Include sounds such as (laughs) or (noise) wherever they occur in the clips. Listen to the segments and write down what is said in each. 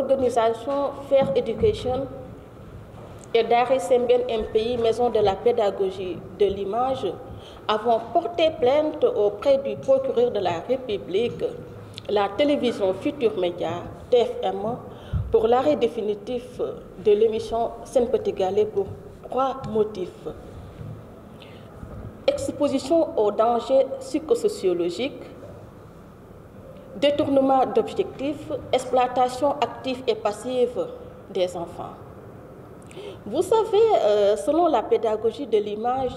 organisation Faire Education et Daré Sembène MPI, Maison de la pédagogie de l'image, avons porté plainte auprès du procureur de la République, la télévision Futur Média, TFM, pour l'arrêt définitif de l'émission Seine Petit pour trois motifs. Exposition aux dangers psychosociologiques, détournement d'objectifs, exploitation active et passive des enfants. Vous savez, euh, selon la pédagogie de l'image,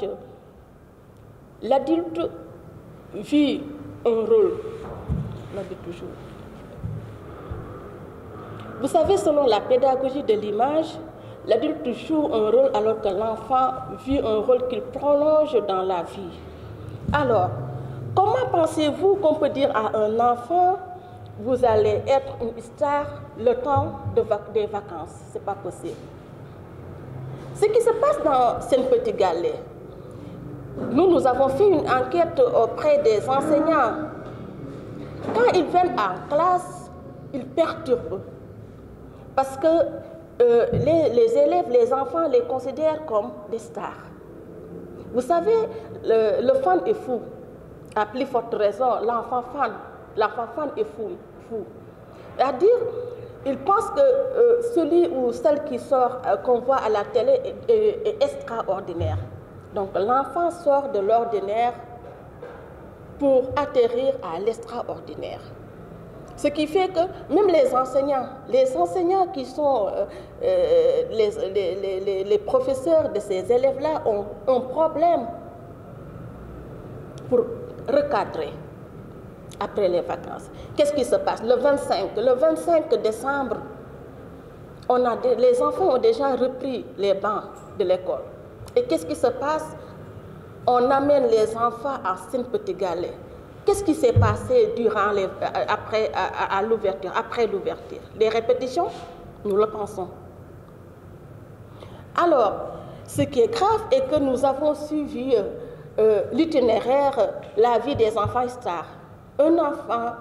l'adulte vit un rôle. toujours. Vous savez, selon la pédagogie de l'image, l'adulte joue un rôle alors que l'enfant vit un rôle qu'il prolonge dans la vie. Alors, Comment pensez-vous qu'on peut dire à un enfant, vous allez être une star le temps de vac des vacances Ce n'est pas possible. Ce qui se passe dans Seine Petit Galet, nous, nous avons fait une enquête auprès des enseignants. Quand ils viennent en classe, ils perturbent. Parce que euh, les, les, élèves, les enfants les considèrent comme des stars. Vous savez, le, le est fou. À plus forte raison, l'enfant fan, l'enfant est fou. à dire il pense que euh, celui ou celle qui sort, euh, qu'on voit à la télé, est, est, est extraordinaire. Donc l'enfant sort de l'ordinaire pour atterrir à l'extraordinaire. Ce qui fait que même les enseignants, les enseignants qui sont euh, euh, les, les, les, les, professeurs de ces élèves-là ont un problème recadrer après les vacances. Qu'est-ce qui se passe Le 25, le 25 décembre, on a les enfants ont déjà repris les bancs de l'école. Et qu'est-ce qui se passe On amène les enfants en Sine-Petit-Galais. Qu'est-ce qui s'est passé durant les, euh, après, à, à l'ouverture, après l'ouverture Les répétitions Nous le pensons. Alors, ce qui est grave est que nous avons suivi euh, euh, l'itinéraire La vie des enfants stars. Un enfant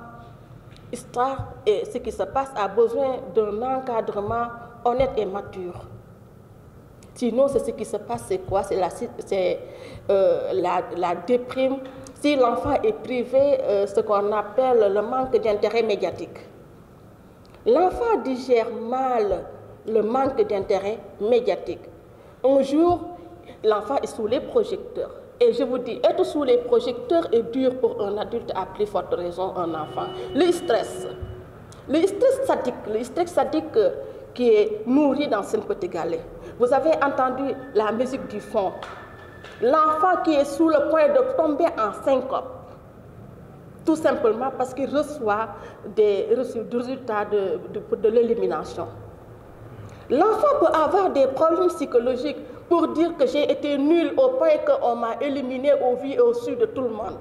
star et ce qui se passe a besoin d'un encadrement honnête et mature. Sinon, c'est ce qui se passe, c'est la, euh, la, la, déprime. Si l'enfant est privé, euh, ce qu'on appelle le manque d'intérêt médiatique. L'enfant digère mal le manque d'intérêt médiatique. Un jour, l'enfant est sous les projecteurs. Et je vous dis, être sous les projecteurs est dur pour un adulte, à plus forte raison un enfant. Le stress, le stress sadique, le stress sadique euh, qui est nourri dans ce petit galet. Vous avez entendu la musique du fond. L'enfant qui est sous le point de tomber en syncope, tout simplement parce qu'il reçoit des résultats de, de, de l'élimination. L'enfant peut avoir des problèmes psychologiques pour dire que j'ai été nul au point qu'on m'a éliminé au vu et au su de tout le monde.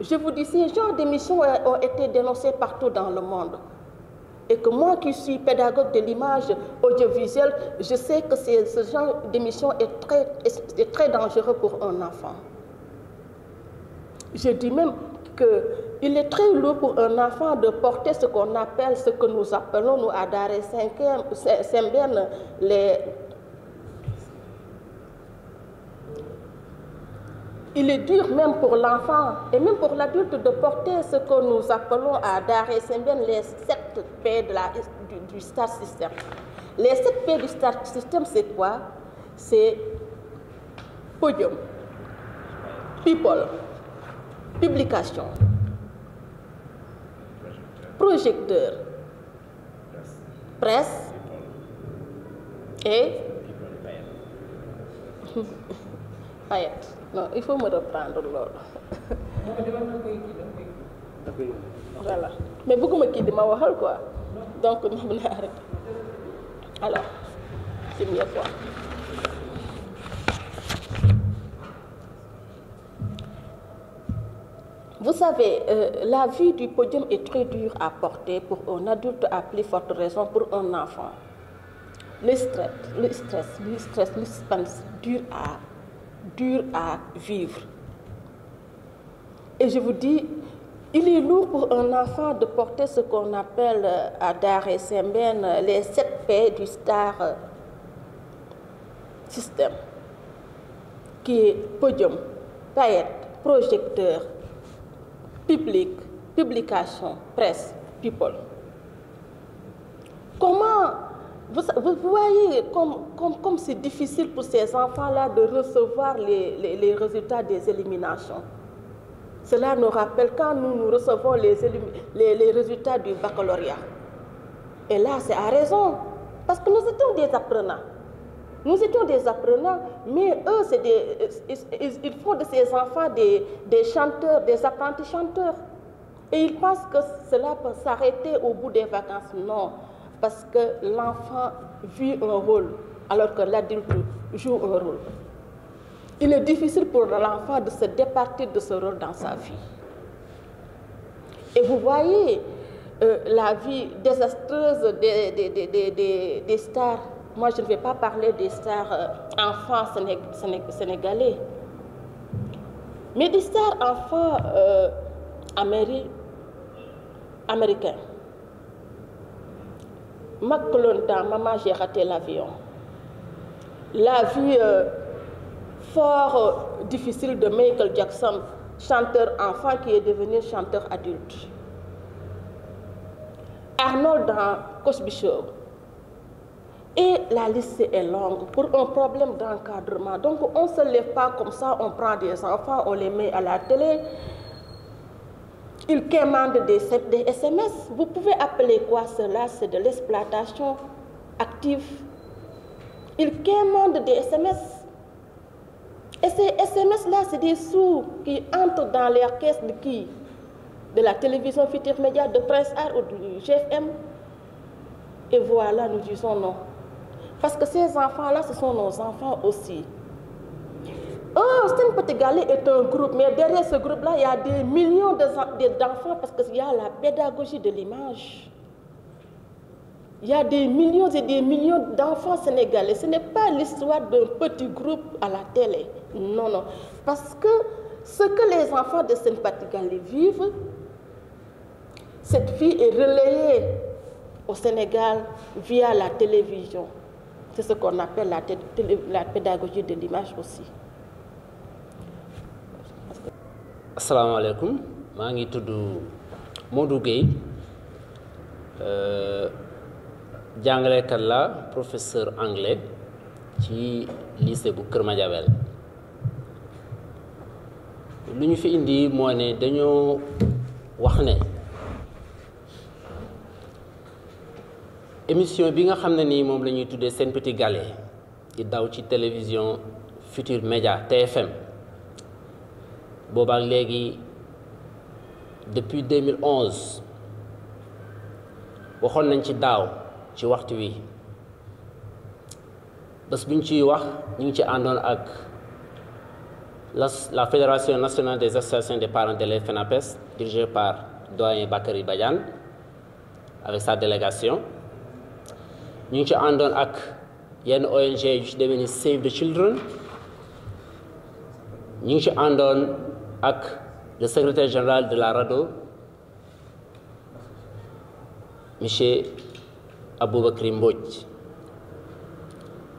Je vous dis, ces genres d'émissions ont été dénoncées partout dans le monde. Et que moi qui suis pédagogue de l'image audiovisuelle, je sais que ce genre d'émission est très, est très dangereux pour un enfant. Je dis même qu'il est très lourd pour un enfant de porter ce qu'on appelle, ce que nous appelons, nous, à Daré 5 les Il est dur même pour l'enfant et même pour l'adulte de porter ce que nous appelons à Dar et les 7 P du, Star System. Les 7 P du Star System, c'est quoi C'est podium, people, projecteur, presse et... (laughs) ayet il faut me reprendre loolu. voilà mais bëgguma kii di ma waxal quoi donc (laughs) na na arrêté alors première fois Vous savez, euh, la vue du podium est très dure à porter pour un adulte à plus forte raison pour un enfant. Le stress, le stress, le stress, le suspense dure à dure à vivre. Et je vous dis, il est lourd pour un enfant de porter ce qu'on appelle euh, à Dar et Sembène les sept paix du star euh, système, qui est podium, paillette, projecteur, public, publication, presse, people. Comment Vous, vous, voyez comme, comme, comme c'est difficile pour ces enfants-là de recevoir les, les, les, résultats des éliminations. Cela nous rappelle quand nous, nous recevons les, les, les résultats du baccalauréat. Et là, c'est à raison, parce que nous étions des apprenants. Nous étions des apprenants, mais eux, c'est des, ils, font de ces enfants des, des chanteurs, des apprentis chanteurs. Et ils pensent que cela peut s'arrêter au bout des vacances. Non, parce que l'enfant vit un rôle alors que l'adulte joue un rôle. Il est difficile pour l'enfant de se départir de ce rôle dans sa vie. Et vous voyez euh, la vie désastreuse des, des, des, des, stars. Moi, je ne vais pas parler des stars euh, enfants sénég sénég sénégalais. Mais des stars enfants euh, améri américains. Mac longtemps, maman, j'ai l'avion. La vue euh, fort euh, difficile de Michael Jackson, chanteur enfant qui est devenu chanteur adulte. Arnold dans Cosby Show. Et la liste est longue pour un problème d'encadrement. Donc on ne se lève pas comme ça, on prend des enfants, on les met à la télé. Ils commandent des, des SMS. Vous pouvez appeler quoi cela C'est de l'exploitation active. Ils commandent des SMS. Et ces SMS-là, c'est des sous qui entrent dans les caisses de qui De la télévision Futur Média, de Prince Art ou du GFM. Et voilà, nous disons non. Parce que ces enfants-là, ce sont nos enfants aussi. Oh, ah, Sten Pategalé est un groupe, mais derrière ce groupe-là, il a des millions d'enfants parce qu'il y a la pédagogie de l'image. Il a des millions et des millions d'enfants sénégalais. Ce n'est pas l'histoire d'un petit groupe à la télé. Non, non. Parce que ce que les enfants de Sten Pategalé vivent, cette fille est relayée au Sénégal via la télévision. C'est ce qu'on appelle la pédagogie de l'image aussi. asalaamaaleykum maa ngi tudd Modou Gueye euh, jàngalekat la professeur anglais ci lycée bu Kër Madiabel lu ñu fi indi moo ne dañoo wax ne émission bi nga xam ne nii moom lañuy tuddee seen piti galet di daw ci télévision Futur Média TFM boobaak léegi depuis 2011 waxoon nañ ci daaw ci waxtu wi bés bu ñu ciy wax ñu ngi ci àndoon ak la la fédération nationale des associations des parents d'élèves FENAPES dirigée par doyen Bakary Badiane avec sa délégation ñu ngi ci àndoon ak yenn ONG yu ci demee ni Save the Children ñu ngi ci àndoon ak le secrétaire général de la RADDHO monsieur Aboubacry Mbodj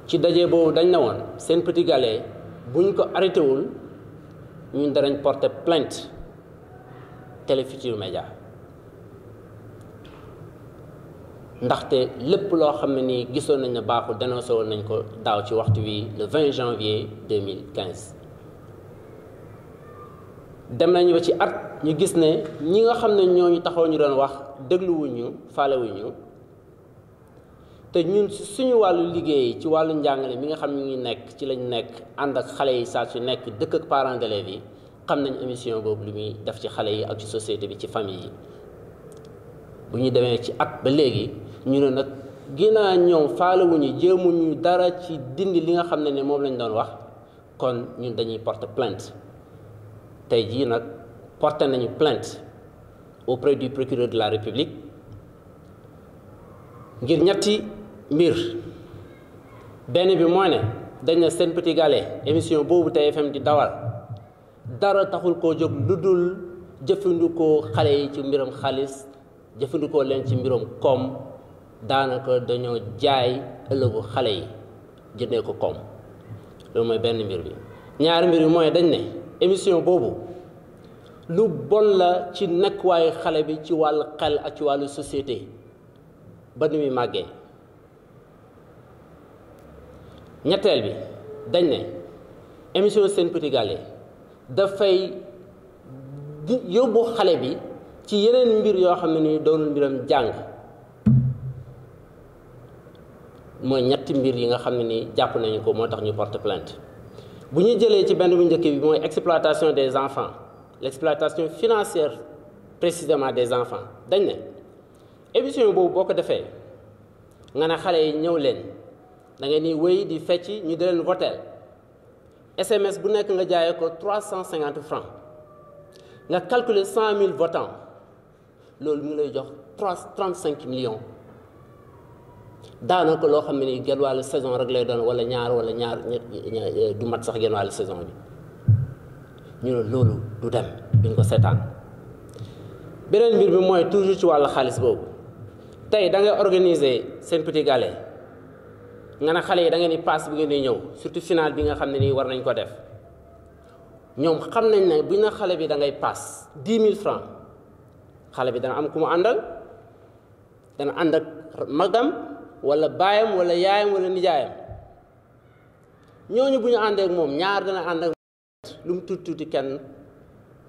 ci daje boobu dañ na woon seen petit galet buñ ko arrêté wul ñun danañ porter plainte Télé Futurs ndaxte lépp loo xam ne nii gisoon nañ ne baaxul dénoncé woon nañ ko daaw ci waxtu wi le 20 janvier dem nañu ba ci at ñu gis ne ñi nga xam ne ñooñu taxaw ñu doon wax dégluwuñu faalewuñu te ñun suñu wàllu liggéey ci wàllu njàngale mi nga xam ne ñu ngi nekk ci lañu nekk ànd ak xale yi saa su nekk dëkk ak parents d'élèves yi xam nañ émission boobu lu muy def ci xale yi ak ci société bi ci famille yi bu ñu demee ci at ba léegi ñu ne nag ginnaaw ñoom faalewuñu jéemuñu dara ci dindi li nga xam ne ne moom lañ doon wax kon ñun dañuy porter plant tey jii nag porté nañu plainte auprès du procureur de la république ngir ñetti mbir benn bi mooy ne dañ ne seen petit émission boobu tey TFM di dawal dara taxul ko jóg lu dul jëfandikoo xale yi ci mbiram xaalis jëfandikoo leen ci mbiram koom daanaka dañoo jaay ëllëgu xale yi jëndee ko koom loolu mooy benn mbir bi ñaari mbir bi mooy dañ ne émission boobu lu bon la ci nekkuwaayu xale bi ci wàllu xel ak ci wàllu société ba ni muy màggee ñetteel bi dañ ne émission seen Petit Gallé dafay yóbbu xale bi ci yeneen mbir yoo xam ne ni doonul mbiram jàng mooy ñetti mbir yi nga xam ne ni jàpp nañu ko moo tax ñu porte plainte bu ñu jëlee ci benn bu njëkk bi mooy exploitation des enfants l'exploitation financière précisément des enfants dañ ne émission boobu boo ko defee nga ne xale yi ñëw leen da ngeen di wéy di fecc ñu di leen voteel SMS bu nekk nga jaayee ko trois cent cinquante francs nga calculer cent mille votants loolu mu ngi lay jox trois trente cinq millions daanaka loo xam ne nii genn wàllu saison rek lay doon wala ñaar wala ñaar du mat sax genn wàllu saison bi ñu ne loolu du dem duñ ko seetaan beneen mbir bi mooy toujours ci wàllu xaalis boobu tey da ngay organiser seen petit nga ne xale yi da ngeen di paas bi ngeen di ñëw surtout final bi nga xam ne nii war nañ ko def ñoom xam nañ ne bu na xale bi da ngay paas dix mille francs xale bi dana am ku mu àndal dana ànd ak magam. wala baayam wala yaayam wala nijaayam ñooñu bu ñu ànd moom ñaar dana ànd ak lu mu tuuti tuuti kenn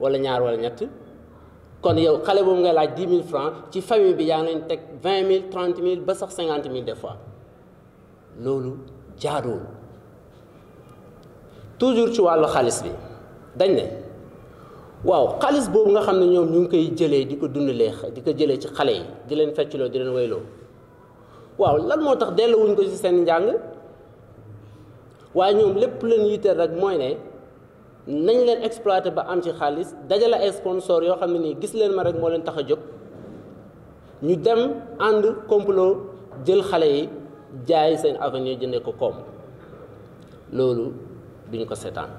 wala ñaar wala ñett kon yow xale boobu nga laaj dix mille francs ci famille bi yaa ngeen teg vingt mille trente mille ba sax cinquante mille des fois loolu jaaduwul toujours ci wàllu xaalis bi dañ ne waaw xaalis boobu nga xam ne ñoom ñu ngi koy jëlee di ko dundalee di ko jëlee ci xale yi di leen fecculoo di leen wayloo waaw lan moo tax delluwuñ ko ci seen njàng waaye ñoom lépp leen yitteel rek mooy ne nañ leen exploité ba am ci xaalis dajale ay sponsor yoo xam ne nii gis leen ma rek moo leen tax a jóg ñu dem ànd complot jël xale yi jaay seen avenir jëndee ko koom loolu duñ ko seetaan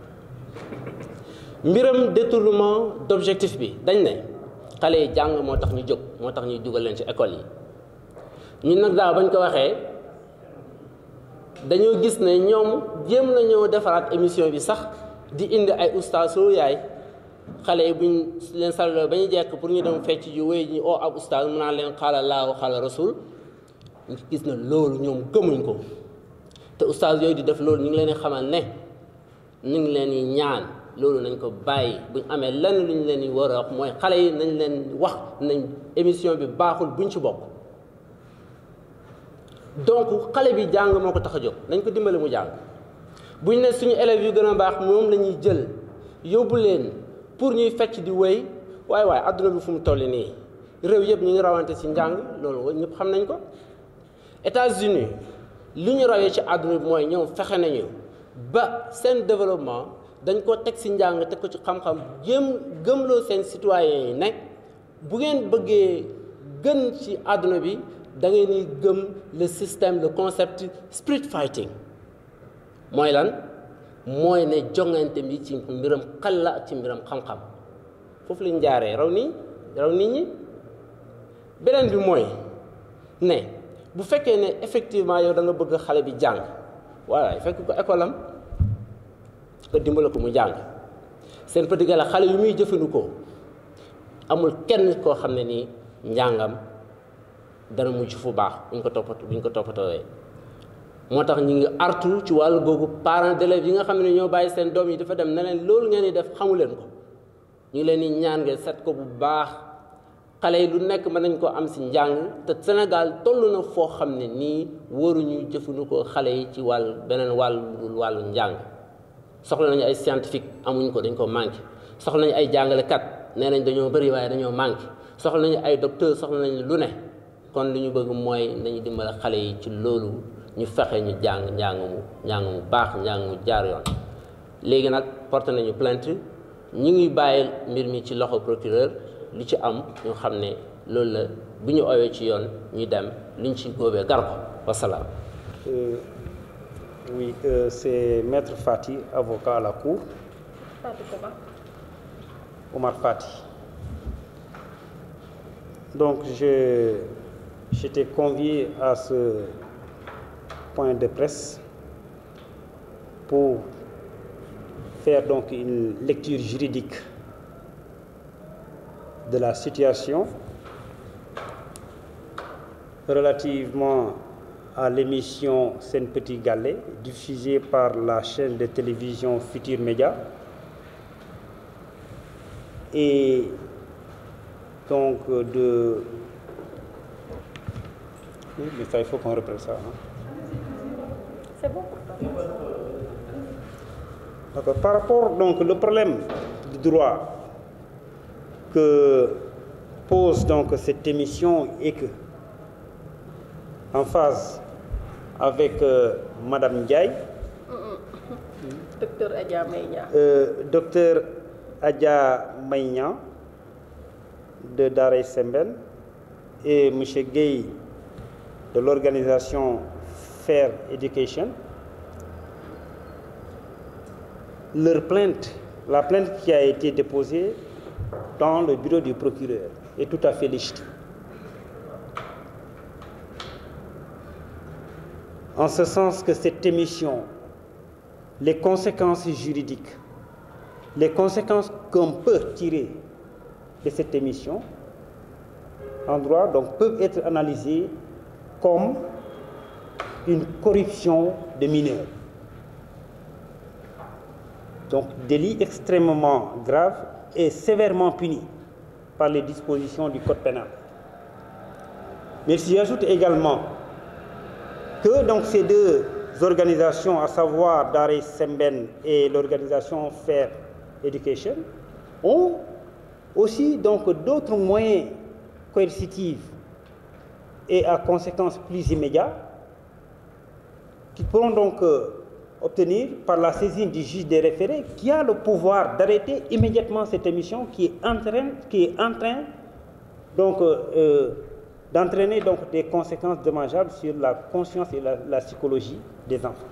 mbiram détournement d'objectif bi dañ ne xale yi jàng moo tax ñu jóg moo tax ñuy dugal leen ci école yi ñun nag daaw bañ ko waxee dañoo gis ne ñoom jéem nañoo defaraat émission bi sax di indi ay ustaas soo yaay xale yi buñ leen salaloo ba ñu jekk pour ñu dem fecc ju wéy ñi oo ab ustaas mu naan leen xaala laaw xaala rasul ñu gis na loolu ñoom gëmuñ ko te ustaas yooyu di def loolu ñu ngi leen di xamal ne ñu ngi leen di ñaan loolu nañ ko bàyyi buñ amee lenn lu leen di war a wax mooy xale yi nañ leen wax nañ émission bi baaxul buñ ci bokk donc xale bi jàng moo ko tax a jóg nañ ko dimbali mu jàng bu ñu ne suñu élèves yu gën a baax moom la ñuy jël yóbbu leen pour ñuy fecc di wéy waaye waaye àdduna bi fu mu toll nii réew yëpp ñu ngi rawante ci njàng loolu ñëpp xam nañ ko États-Unis li ñu rawee ci adduna bi mooy ñëw fexe nañu ba seen développement dañ koo teg ci njàng teg ko ci xam-xam jéem gëmloo seen citoyens yi ne bu ngeen bëggee gën ci àdduna bi da ngay ni gëm le système le concept street fighting mooy lan mooy ne jongante bi ci mbiram xel la ci mbiram xam-xam foofu lañ jaaree raw nii raw nit ñi beneen bi mooy ne bu fekkee ne effectivement yow da nga bëgg xale bi jàng voilà fekk ko école am nga dimbale ko mu jàng seen pëdigala xale yi muy jëfandikoo amul kenn koo xam ne nii njàngam dana mujj fu baax buñ ko toppat buñ ko toppatoowee moo tax ñu ngi artu ci wàll googu parents d'élèves yi nga xam ne ñoo bàyyi seen doom yi dafa dem ne leen loolu ngeen di def xamu leen ko ñu leen di ñaan ngeen set ko bu baax xale yi lu nekk mën nañ ko am si njàng te Sénégal toll na foo xam ne nii waruñu jëfandikoo xale yi ci wàll beneen wàll dul wàllu njàng soxla nañu ay scientifique amuñ ko dañ ko manqué soxla nañu ay jàngalekat nee nañ dañoo bëri waaye dañoo manqué soxla nañu ay docteur soxla nañ lu ne kon lu ñu bëgg mooy nañu dimbali xale yi ci loolu ñu fexe ñu jàng njàng mu njàng mu baax njàng mu jaar yoon léegi nag porté nañu plainte ñu ngi bàyyi mbir mi ci loxo procureur li ci am ñu xam ne loolu la bu ñu oyoo ci yoon ñu dem liñ ci góobee gar ko wasalaam. Euh, oui euh, c'est maître Fati avocat la cour. Fati Koba. donc j'étais convié à ce point de presse pour faire donc une lecture juridique de la situation relativement à l'émission Sen Petit Galet diffusée par la chaîne de télévision Futur Média et donc euh, de Oui, mais Par rapport donc le problème du droit que pose donc cette émission et que en phase avec euh, Madame Ndiaye. Mmh, mmh. Docteur Adja Maïna. Euh, de Daré Semben et Monsieur Gueye de l'organisation Fair Education, leur plainte, la plainte qui a été déposée dans le bureau du procureur est tout à fait légitime. En ce sens que cette émission, les conséquences juridiques, les conséquences qu'on peut tirer de cette émission en droit donc, peuvent être analysées comme une corruption de mineurs. Donc délit extrêmement grave et sévèrement puni par les dispositions du Code pénal. Mais s'y également que donc ces deux organisations, à savoir Dar es Semben et l'organisation faire Education, ont aussi donc d'autres moyens coercitifs et à conséquences plus immédiates, qui pourront donc euh, obtenir par la saisine du juge des référés, qui a le pouvoir d'arrêter immédiatement cette émission qui est en train, qui est en train donc euh, euh d'entraîner donc des conséquences dommageables sur la conscience et la, la psychologie des enfants,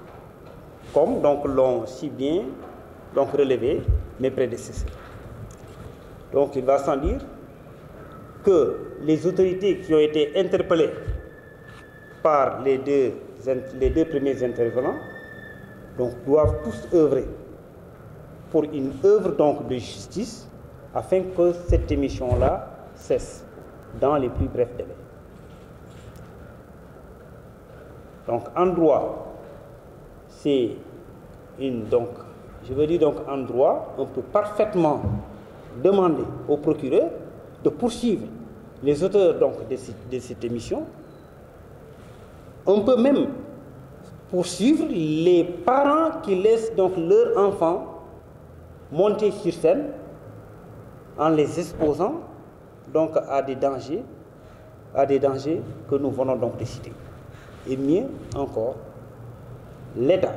comme donc l'ont si bien donc relevé mes prédécesseurs. Donc il va sans dire que les autorités qui ont été interpellées par les deux, les deux premiers intervenants donc, doivent tous œuvrer pour une œuvre donc de justice afin que cette émission-là cesse dans les plus brefs délais. Donc en droit, c'est une donc, je veux dire donc en droit, on peut parfaitement demander au procureur de poursuivre les auteurs donc, de, de cette émission. On peut même poursuivre les parents qui laissent donc leurs enfants monter sur scène en les exposant donc à des dangers, que nous venons donc de Et mieux encore, l'État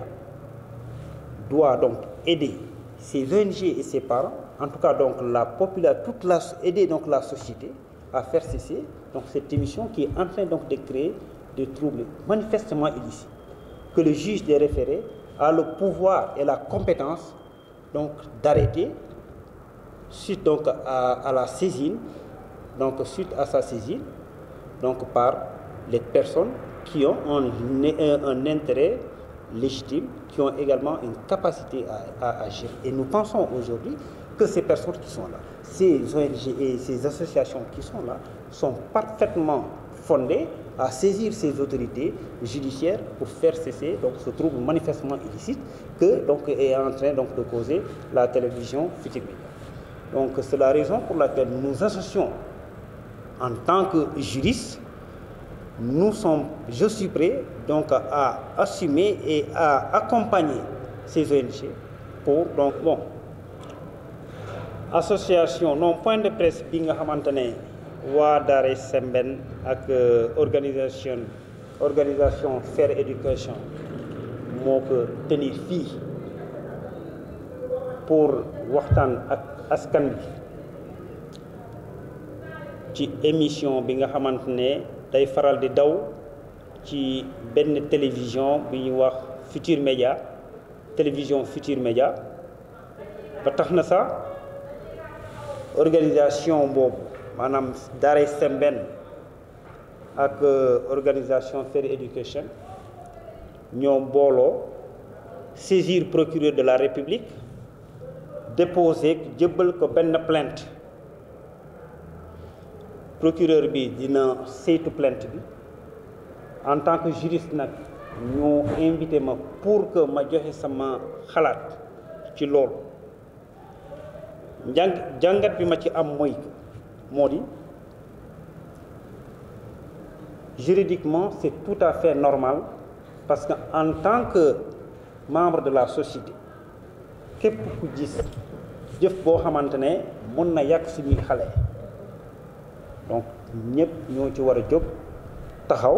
doit donc aider ses ONG et ses parents en tout cas donc la population, toute la, aider donc la société à faire cesser donc cette émission qui est en train donc de créer des troubles manifestement illicites que le juge des référés à le pouvoir et la compétence donc d'arrêter suite donc à, à, la saisine donc suite à sa saisine donc par les personnes qui ont un, un, un intérêt légitime qui ont également une capacité à, à agir et nous pensons aujourd'hui que ces personnes qui sont là. Ces ONG et ces associations qui sont là sont parfaitement fondées à saisir ces autorités judiciaires pour faire cesser donc, ce trouble manifestement illicite que donc, est en train donc, de causer la télévision future Donc c'est la raison pour laquelle nous associons en tant que juristes nous sommes, je suis prêt donc à assumer et à accompagner ces ONG pour donc bon association non point de presse bi nga xamante ne waa Daara Sembène ak euh, organisation organisation Fair Education moo ko tenir fii pour waxtaan ak askan bi ci émission bi nga xamante ne day faral di daw ci benn télévision bi ñuy wax Futur Média télévision Futur Média ba tax na sax organisation boobu maanaam daaray Sembène ak euh, organisation Fair Education ñoo booloo saisir procureur de la République déposer jëbbal ko benn plainte procureur bi dina saytu plainte bi en tant que juriste nag ñu invité ma pour que ma joxe sama xalaat ci loolu njàng jàngat bi ma ci am mooy moo di juridiquement c'est tout à fait normal parce que en tant que membre de la société képp ku gis jëf boo xamante ne mën na yàq suñuy xale donc ñëpp ñoo ci war a jóg taxaw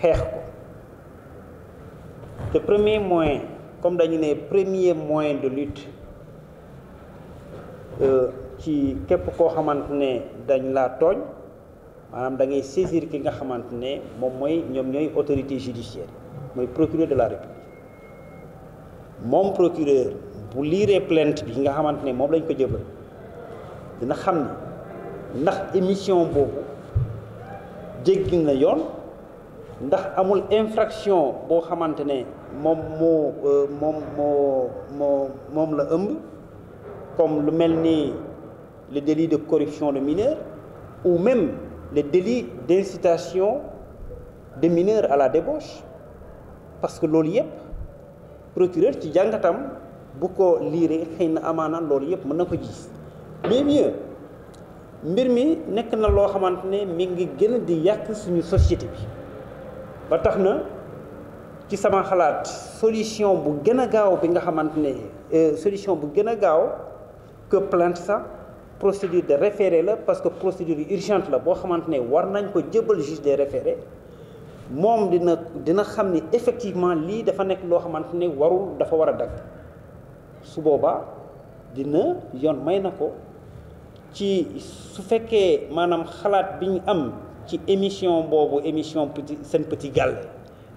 xeex ko te premier moyen comme dañu ne premier moyen de lutte Euh, ci képp koo xamante ne dañ laa tooñ maanaam da ngay saisir ki nga xamante ne moom mooy ñoom ñooy autorité judiciaire mooy procureur de la république moom procureur bu liiree plainte bi nga xamante ne moom lañ ko jëbal dina xam ni ndax émission boobu jéggi na yoon ndax amul infraction boo xamante ne moom moo euh, moom moo moo moom la ëmb comme lu mel ni le délit de corruption de mineurs ou même le délit d'incitation de mineur à la débauche parce que loolu yëpp procureur ci jàngatam bu ko liiree xëy na amaanaan loolu yëpp mën na ko gis mais mieux mbir mi nekk na loo xamante ne mi ngi gën a di yàq suñu société bi ba tax na ci sama xalaat solution bu gën a gaaw bi nga xamante ne euh, solution bu gën a gaaw que plainte sax procédure de référé la parce que procédure urgente la boo xamante ne war nañ ko jëbal juge des référés moom dina dina xam ni effectivement lii dafa nekk loo xamante ne warul dafa war a dagg su boobaa dina yoon may na ko ci su fekkee maanaam xalaat bi ñu am ci émission boobu émission petit seen petit gàlle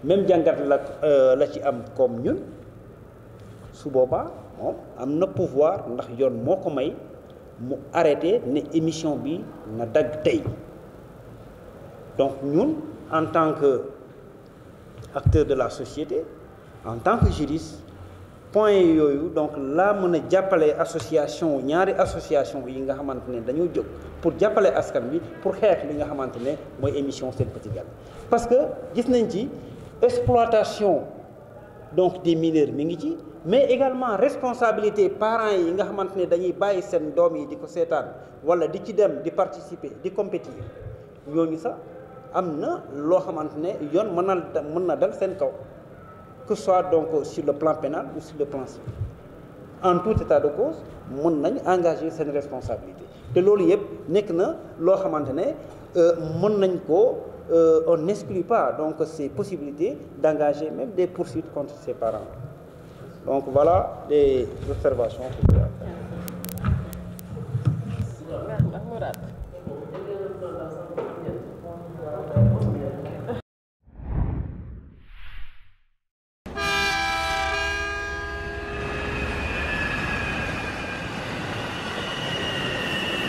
même jàngat la euh, la ci am comme ñun su booba moom am na pouvoir ndax yoon moo ko may mu arrêté ne émission bi na dagg tey donc ñun en tant que acteur de la société en tant que juriste point yooyu donc laa mën a jàppale association ñaari association yi nga xamante ne dañoo jóg pour jàppale askan bi pour xeex li nga xamante ne mooy émission Sen Petit parce que gis nañ ci exploitation donc des mineurs mi ngi ci mais également responsabilité parent yi nga xamante ne dañuy bàyyi seen doom yi di ko seetaan wala di ci dem di participer di compétir ñooñu sax am na loo xamante ne yoon mën na mën na dal seen kaw que soit donc sur le plan pénal ou sur le plan civil en tout état de cause mën nañ engager seen responsabilité te loolu yëpp nekk na loo xamante ne euh, mën nañ ko euh, on n'exclut pas donc ces possibilités d'engager même des poursuites contre ses parents Donc voilà les observations que